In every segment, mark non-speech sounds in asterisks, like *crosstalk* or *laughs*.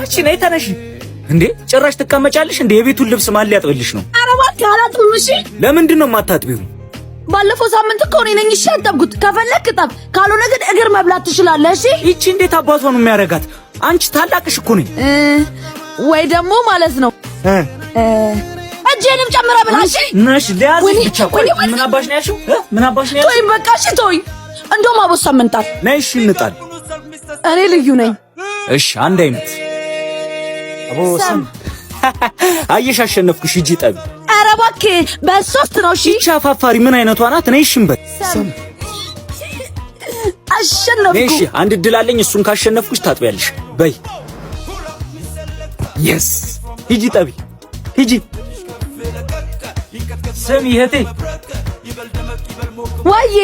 አንቺ ነይ ተነሽ እንዴ ጭራሽ ትቀመጫለሽ እንዴ? የቤቱን ልብስ ማን ሊያጥብልሽ ነው? ኧረ እባክህ አላጥብም። እሺ ለምንድን ነው የማታጥቢው? ባለፈው ሳምንት እኮ እኔ ነኝ እሺ ያጠብኩት። ከፈለክ ጣብ፣ ካልሆነ ግን እግር መብላት ትችላለህ። እሺ ይቺ እንዴት አባቷ ነው የሚያረጋት? አንቺ ታላቅሽ እኮ ነኝ። ወይ ደግሞ ማለት ነው እጄንም ጨምረ ብላሽ ነሽ ሊያዝ ብቻ። ቆይ ምን አባሽ ነው ያልሽው? ምን አባሽ ነው ያልሽው? ተወኝ በቃ እሺ ተወኝ። እንደውም አቦሳ ምንጣል ነሽ እንጣል። እኔ ልዩ ነኝ። እሺ አንድ አይነት *laughs* አየሽ፣ አሸነፍኩሽ። እጂ ጠቢ። ኧረ እባክህ በሶስት ነው። እሺ፣ ይቺ አፋፋሪ ምን አይነቷ ናት? ነይ፣ እሺም በይ። አሸነፍኩ። እሺ፣ አንድ እድል አለኝ። እሱን ካሸነፍኩሽ ታጥቢያለሽ። በይ። የስ ሂጂ፣ ጠቢ፣ ሂጂ። ስም ይሄቴ ወይዬ፣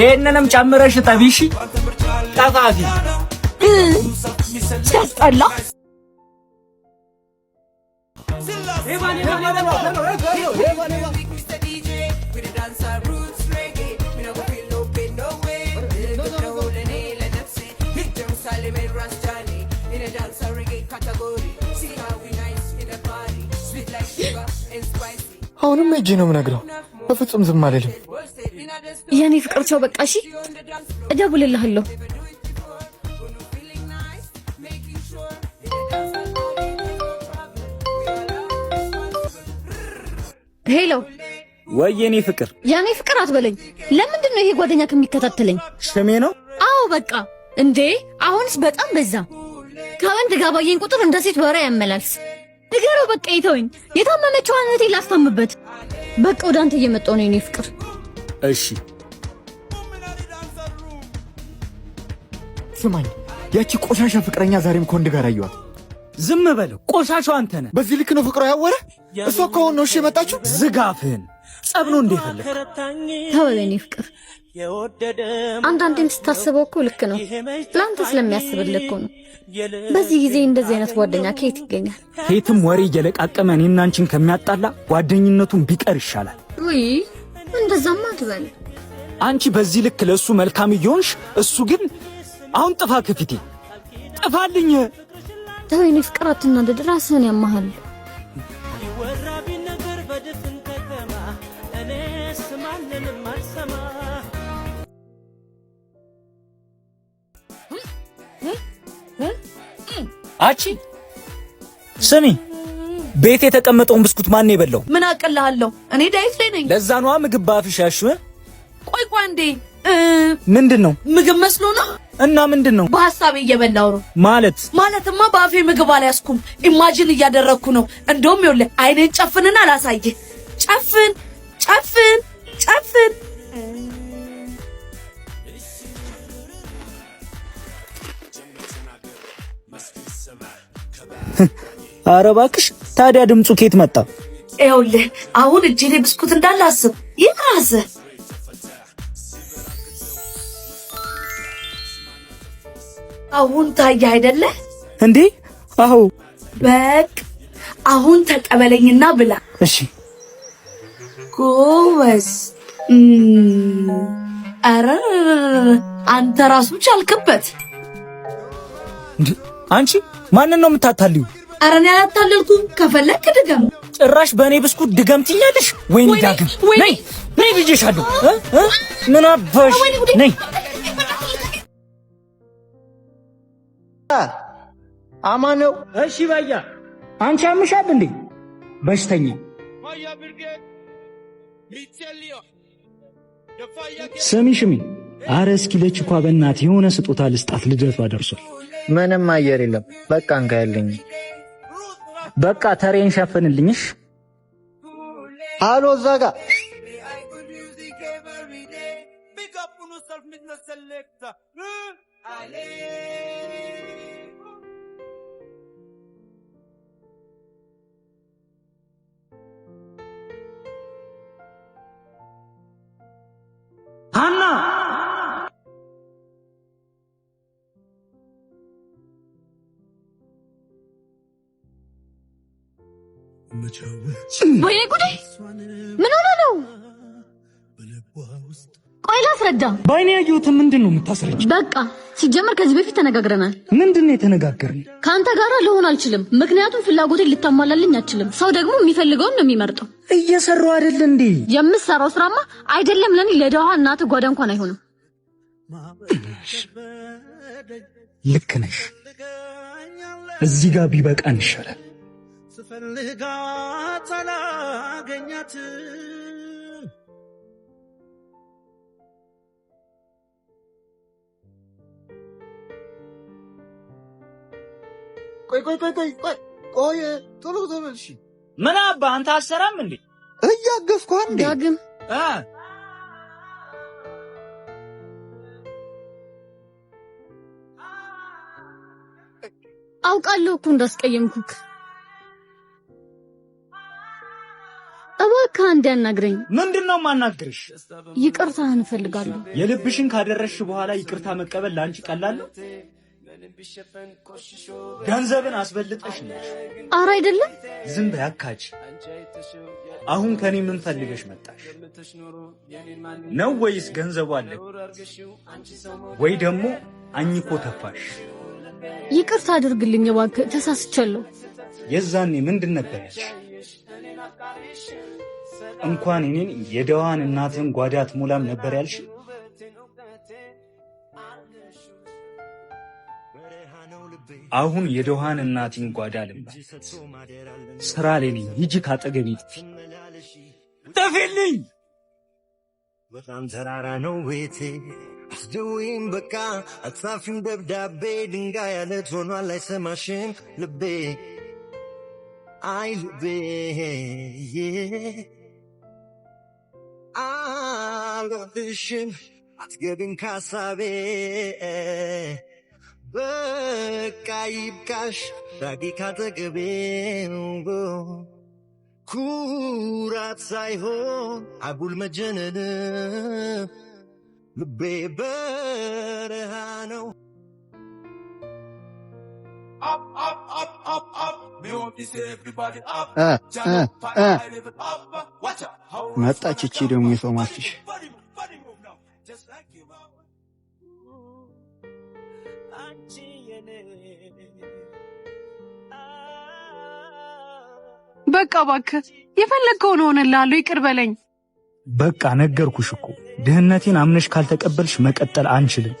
ይሄንንም ጨምረሽ ጠቢ። እሺ፣ ጠፋፊ ሲያስጠላ አሁንም እጅ ነው የምነግረው። በፍጹም ዝም አልልም። ፍቅር ቻው፣ በቃ እሺ፣ እደውልልሃለሁ። ሄሎ ወይ የኔ ፍቅር የኔ ፍቅር አትበለኝ። ለምንድን ነው ይሄ ጓደኛ ከሚከታተለኝ? ሽሜ ነው። አዎ በቃ እንዴ! አሁንስ በጣም በዛ። ከወንድ ጋር ባየኝ ቁጥር እንደ ሴት ወሬ ያመላልስ። ንገረው በቃ ይተወኝ። የታመመችው አንተ ላስታምበት። በቃ ወደ አንተ እየመጣሁ ነው የኔ ፍቅር። እሺ ስማኝ፣ ያቺ ቆሻሻ ፍቅረኛ ዛሬም ከወንድ ጋር አየዋት። ዝም በለው ቆሻሻው አንተ ነህ። በዚህ ልክ ነው ፍቅሯ ያወረ እሷ ከሆነ ነው እሺ የመጣችው። ዝጋፍህን ጸብኖ እንደፈለግ ተወበኔ ፍቅር አንዳንዴም ስታስበው እኮ ልክ ነው። ለአንተ ስለሚያስብልህ እኮ ነው። በዚህ ጊዜ እንደዚህ አይነት ጓደኛ ከየት ይገኛል? ከየትም ወሬ እየለቃቀመ እኔና አንቺን ከሚያጣላ ጓደኝነቱን ቢቀር ይሻላል። ውይ እንደዛማ ትበል። አንቺ በዚህ ልክ ለእሱ መልካም እየሆንሽ፣ እሱ ግን አሁን ጥፋ፣ ከፊቴ ጥፋልኝ። ተው የኔ ፍቅር አትናደድ፣ ራስህን ያማሃል። አቺ ስሚ፣ ቤት የተቀመጠውን ብስኩት ማን የበላው? ምን አቀላለሁ እኔ ዳይት ላይ ነኝ። ለዛ ነዋ ምግብ ባፍሽ ያሹ። ቆይ ቆይ፣ እንዴ ምንድን ነው ምግብ መስሎ ነው? እና ምንድን ነው? በሀሳቤ እየበላው ነው ማለት ማለትማ፣ በአፌ ምግብ አልያዝኩም። ኢማጂን እያደረግኩ ነው። እንደውም ይኸውልህ አይኔን ጨፍንና አላሳይህ። ጨፍን፣ ጨፍን፣ ጨፍን። *laughs* አረባክሽ እባክሽ ታዲያ ድምፁ ኬት መጣ? ይኸውልህ አሁን እጄ ላይ ብስኩት እንዳለ ይህ ራስህ አሁን ታየ አይደለ እንዴ? አዎ። በቅ አሁን ተቀበለኝና ብላ። እሺ ጎበዝ። አረ አንተ ራሱ ቻልክበት። አንቺ ማንን ነው የምታታልዩ? አረ እኔ አላታለልኩም። ከፈለክ ድገም። ጭራሽ በእኔ ብስኩት ድገም ትኛለሽ? ወይኔ ዳግም ነይ ነይ ብዬሻለሁ። ምን አባሽ ነይ አማ ነው። እሺ ባያ አንቺ አምሻል እንዴ? በሽተኛ ስሚ ሽሚ፣ አረ እስኪ ለችኳ በእናት የሆነ ስጦታ ልስጣት፣ ልደቷ ደርሷል። ምንም አየር የለም። በቃ እንጋያለኝ። በቃ ተሬን ሸፍንልኝሽ። አሎ እዛ ጋ ወይኔ ጉዴ! ምን ሆነ ነው? ቆይ ላስረዳ። በአይኔ ያየሁትን ምንድን ነው የምታስረጅ? በቃ ሲጀመር ከዚህ በፊት ተነጋግረናል። ምንድን ነው የተነጋገርን? ከአንተ ጋር ልሆን አልችልም፣ ምክንያቱም ፍላጎቴን ልታሟላልኝ አልችልም። ሰው ደግሞ የሚፈልገውን ነው የሚመርጠው። እየሰሩ አይደል እንዴ? የምሰራው ስራማ አይደለም ለኔ ለደዋ እናት ጓዳ እንኳን አይሆንም። ልክ ነሽ። እዚህ ጋር ቢበቃን ይሻላል። ፈልጋት አላገኛት ቆይ ቆይ ቆይ ቆይ ቆይ ቶሎ ምን አባ አንተ አሰራም እንዴ እያገዝኩ አንዴ ዳግም አውቃለሁ እኮ እንዳስቀየምኩክ እንዲያናግረኝ። ምንድን ነው የማናግርሽ? ይቅርታ እንፈልጋለሁ። የልብሽን ካደረሽ በኋላ ይቅርታ መቀበል ለአንቺ ቀላለሁ። ገንዘብን አስበልጠሽ ነሽ። አረ አይደለም። ዝም በይ አሁን ከኔ ምን ፈልገሽ መጣሽ? ነው ወይስ ገንዘቡ አለ ወይ ደግሞ አኝኮ ተፋሽ? ይቅርታ አድርግልኝ እባክህ፣ ተሳስቻለሁ። የዛኔ ምንድን ነበረች? እንኳን እኔን የደዋን እናትን ጓዳ አትሞላም ነበር ያልሽ። አሁን የደሃን እናቴን ጓዳ ልምላት። ስራ ላይ ነኝ። ሂጂ ካጠገቤ ጥፊ በጣም ተራራ ነው ቤቴ፣ አስደውይም በቃ አትጻፊም ደብዳቤ። ድንጋይ አለት ሆኗል ሰማሽን ልቤ I'll be አልሽም አትገብን ካሳቤ በቃ ይብቃሽ ዳጊ ካጠገቤ ኩራት ሳይሆን አጉል መጀነን ልቤ በረሃ ነው። መጣች። እቺ ደግሞ የቶማስሽ በቃ እባክህ የፈለግከውን ሆነልሃለሁ። ይቅር በለኝ። በቃ ነገርኩሽ እኮ ድህነቴን አምነሽ ካልተቀበልሽ መቀጠል አንችልም።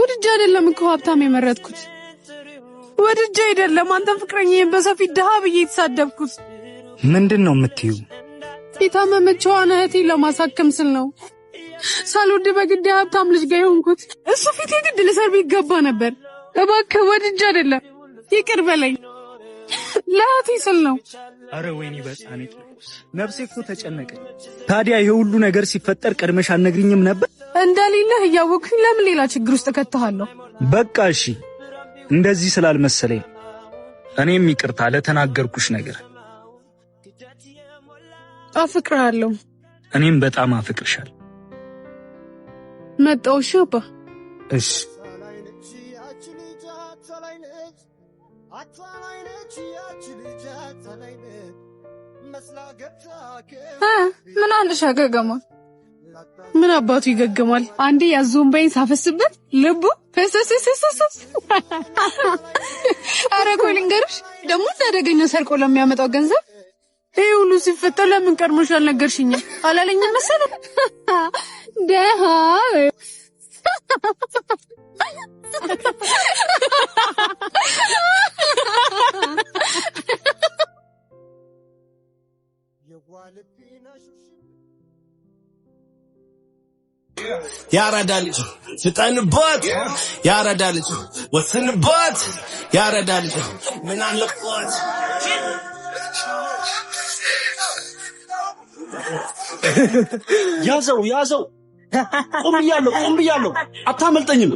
ውድጃ አይደለም እኮ ሀብታም የመረጥኩት ወድጄ አይደለም አንተ ፍቅረኛ በሰፊት ደሃ ብዬ የተሳደብኩት። ምንድን ነው የምትዩ? የታመመችዋን እህቴ ለማሳከም ስል ነው ሳልወድ በግድ ሀብታም ልጅ ጋር የሆንኩት። እሱ ፊት የግድ ልሰር ይገባ ገባ ነበር። እባክህ ወድጄ አይደለም ይቅር በለኝ ለእህቴ ስል ነው። አረ ወይኔ በጻኔ ነፍሴ እኮ ተጨነቀኝ። ታዲያ ይሄ ሁሉ ነገር ሲፈጠር ቀድመሽ አልነግሪኝም ነበር? እንደሌለህ እያወቅኩኝ ለምን ሌላ ችግር ውስጥ እከትሃለሁ? በቃ እሺ እንደዚህ ስላልመሰለኝ እኔም ይቅርታ ለተናገርኩሽ ነገር። አፍቅርሃለሁ። እኔም በጣም አፍቅርሻል። መጣው እሺ እሺ ምን አንድ ሻገገማ ምን አባቱ ይገገማል? አንዴ ያዞን በይን ሳፈስበት ልቡ ፈሰሰሰሰሰ አረ ኧረ ቆይ ልንገርሽ ደግሞ አደገኛው ሰርቆ ለሚያመጣው ገንዘብ ይህ ሁሉ ሲፈጠር ለምን ቀድሞሽ አልነገርሽኝም? አላለኝ መሰለ ደሃ የጓልፒናሽ የአራዳ ልጅ ፍጠንበት፣ የአራዳ ልጅ ወስንበት፣ የአራዳ ልጅ ምን አለበት ያዘው ያዘው። ቁም ብያለሁ፣ ቁም ብያለሁ። አታመልጠኝም።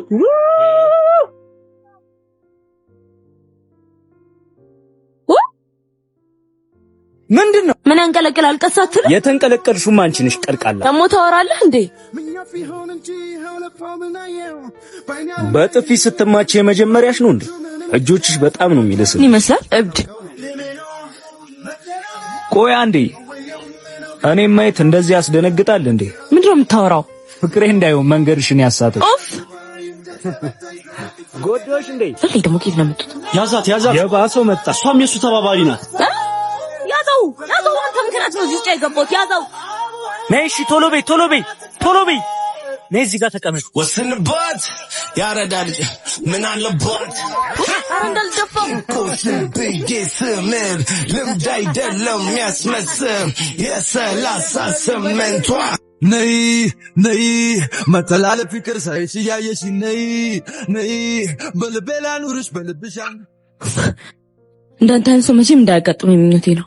ምንድን ነው? ምን አንቀለቀል አልቀሳትል የተንቀለቀልሽው አንቺ ነሽ። ቀልቃላ ደግሞ ታወራለህ እንዴ? በጥፊ ስትማች የመጀመሪያሽ ነው እንዴ? እጆችሽ በጣም ነው የሚለስል ይመስላል። እብድ ቆይ አንዴ፣ እኔ ማየት እንደዚህ ያስደነግጣል እንዴ? ምንድነው ነው የምታወራው? ፍቅሬ እንዳይሆን መንገድሽን ያሳተ ኦፍ ጎዶሽ እንዴ? ፍቅሬ ደሞ ኬት ነው የምትጠው? ያዛት ያዛት፣ የባሰው መጣ። እሷም የሱ ተባባሪ ናት። ያዘው። አንተ ምክንያት ነው እዚህ ውስጥ የገባሁት። ያዘው። ነይ፣ እሺ፣ ቶሎ በይ፣ ቶሎ በይ፣ ቶሎ በይ። ነይ እዚህ ጋር ተቀመጥ። ወስንባት ምን አለባት? ኧረ እንዳልደፋው ቁስን ልምድ አይደለም የሚያስመስም የሰላሳ ስምንቷ ነይ ነይ መተላለፍ ፍቅር ሳይሽ እያየሽ ነይ ነይ በልቤላ ኑርሽ በልብሻ እንዳንተ አይነት ሰው መቼም እንዳያጋጥመኝ ምኞቴ ነው።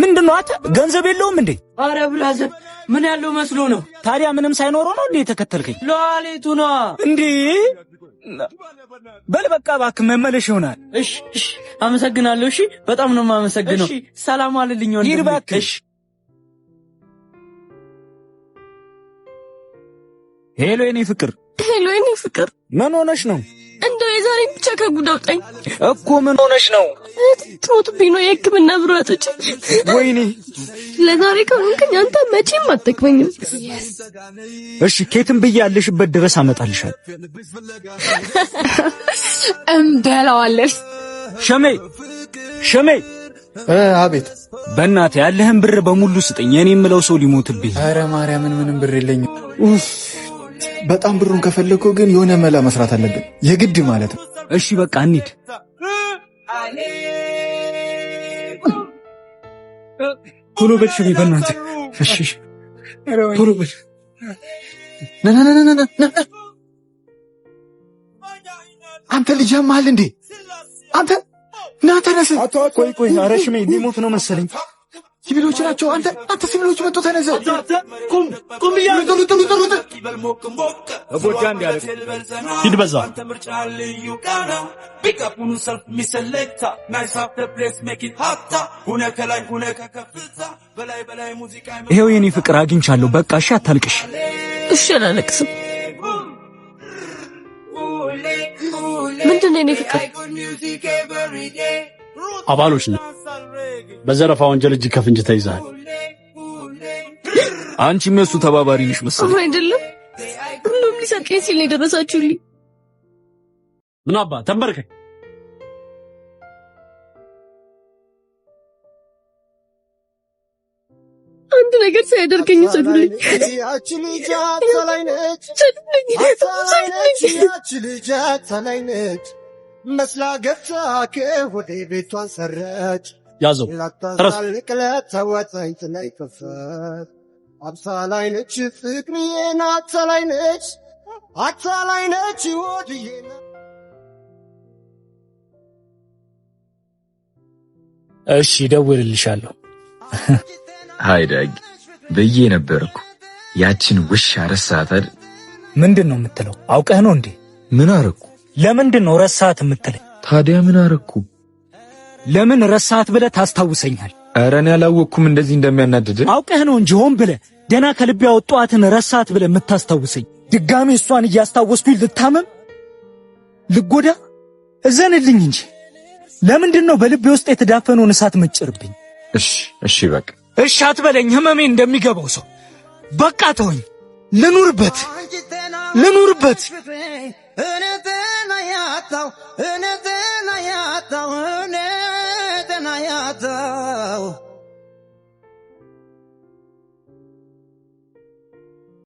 ምንድን ነው አንተ? ገንዘብ የለውም እንዴ? አረ ብላዘር ምን ያለው መስሎ ነው ታዲያ? ምንም ሳይኖረው ነው እንዴ የተከተልከኝ? ለዋሌቱ ነዋ እንዴ? በል በቃ እባክህ መመለሽ ይሆናል። እሺ፣ እሺ፣ አመሰግናለሁ። እሺ፣ በጣም ነው የማመሰግነው። ሰላም አለልኝ ወንድሜ። እሺ ሄሎ የኔ ፍቅር፣ ሄሎ የኔ ፍቅር፣ ምን ሆነሽ ነው? እንደው የዛሬ ብቻ ከጉድ አውጣኝ እኮ። ምን ሆነሽ ነው? ትሞትብኝ ነው የሕክምና ብራቶች። ወይኔ ለዛሬ ከሆንክኝ አንተ መቼም አጠቅበኝም። እሺ ኬትም ብዬ ያለሽበት ድረስ አመጣልሻል። እንበላዋለን። ሸሜ ሸሜ። አቤት። በእናት ያለህን ብር በሙሉ ስጠኝ። የኔ የምለው ሰው ሊሞትብኝ። አረ ማርያምን፣ ምንም ብር የለኝም በጣም ብሩን ከፈለግኩ ግን የሆነ መላ መስራት አለብን፣ የግድ ማለት ነው። እሺ በቃ እንሂድ። ቶሎ በል ሽሜ፣ በእናትህ እሺ፣ ቶሎ በል አንተ ልጅ ያመሃል እንዴ አንተ? ና ተነስ። ቆይ ቆይ፣ ኧረ ሽሜ ሊሞት ነው መሰለኝ ሲቪሎች ናቸው። አንተ አንተ ሲቪሎች መጥቶ ተነዘ ቁም ቁም እያሉ ይሄው የኔ ፍቅር አግኝቻለሁ። በቃ እሺ፣ አታልቅሽ። እሺ፣ አላለቅስም። ምንድን ነው የኔ ፍቅር አባሎች ነው በዘረፋ ወንጀል እጅ ከፍንጅ ተይዛል። አንቺ እሱ ተባባሪ ነሽ መሰለኝ። አይደለም ሁሉም ሊሰቀኝ ሲል የደረሳችሁልኝ። ምን አባ ተንበርከኝ። አንድ ነገር ሳያደርገኝ ሰዱልኝ። ያቺ ልጅ አታላይ ነች፣ መስላ ገብታ ከሆዴ ቤቷን ሰረች። ያዘው እሺ ደውልልሻለሁ ሀይ ዳጊ ብዬ ነበርኩ ያችን ውሻ ረሳት ምንድን ነው የምትለው አውቀህ ነው እንዴ ምን አረግኩ ለምንድን ነው ረሳት የምትለኝ ታዲያ ምን አረግኩ ለምን ረሳት ብለ ታስታውሰኛል? ኧረ እኔ አላወቅኩም እንደዚህ እንደሚያናድድ አውቀህ ነው እንጂ ሆን ብለ ደና ከልብ ያወጧትን ረሳት ብለ የምታስታውሰኝ። ድጋሜ እሷን እያስታወስኩኝ ልታመም ልጎዳ? እዘንልኝ እንጂ ለምንድን ነው በልቤ ውስጥ የተዳፈነውን እሳት መጭርብኝ? እሺ እሺ በቅ እሺ አትበለኝ። ህመሜ እንደሚገባው ሰው በቃ ተወኝ። ልኑርበት ልኑርበት እውነቴን ያጣው እውነቴን ነው ያጣው hayata